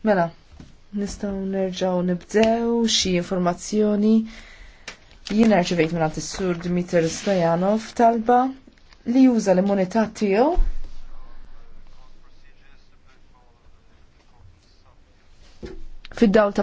Mela, nistaw nerġaw nibdew xi informazzjoni jien rċevejt minn is-sur Dmitr Stojanov talba li juża l-immunità tiegħu fid-dawl